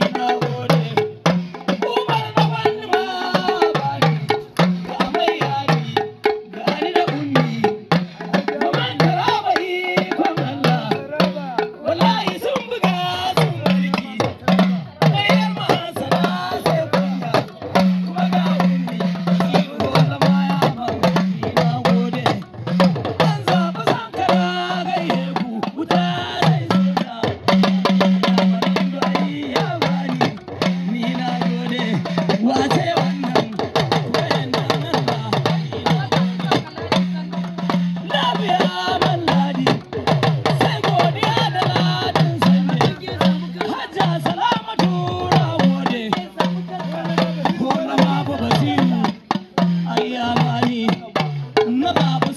Happy birthday. मारिया मारी न बाबू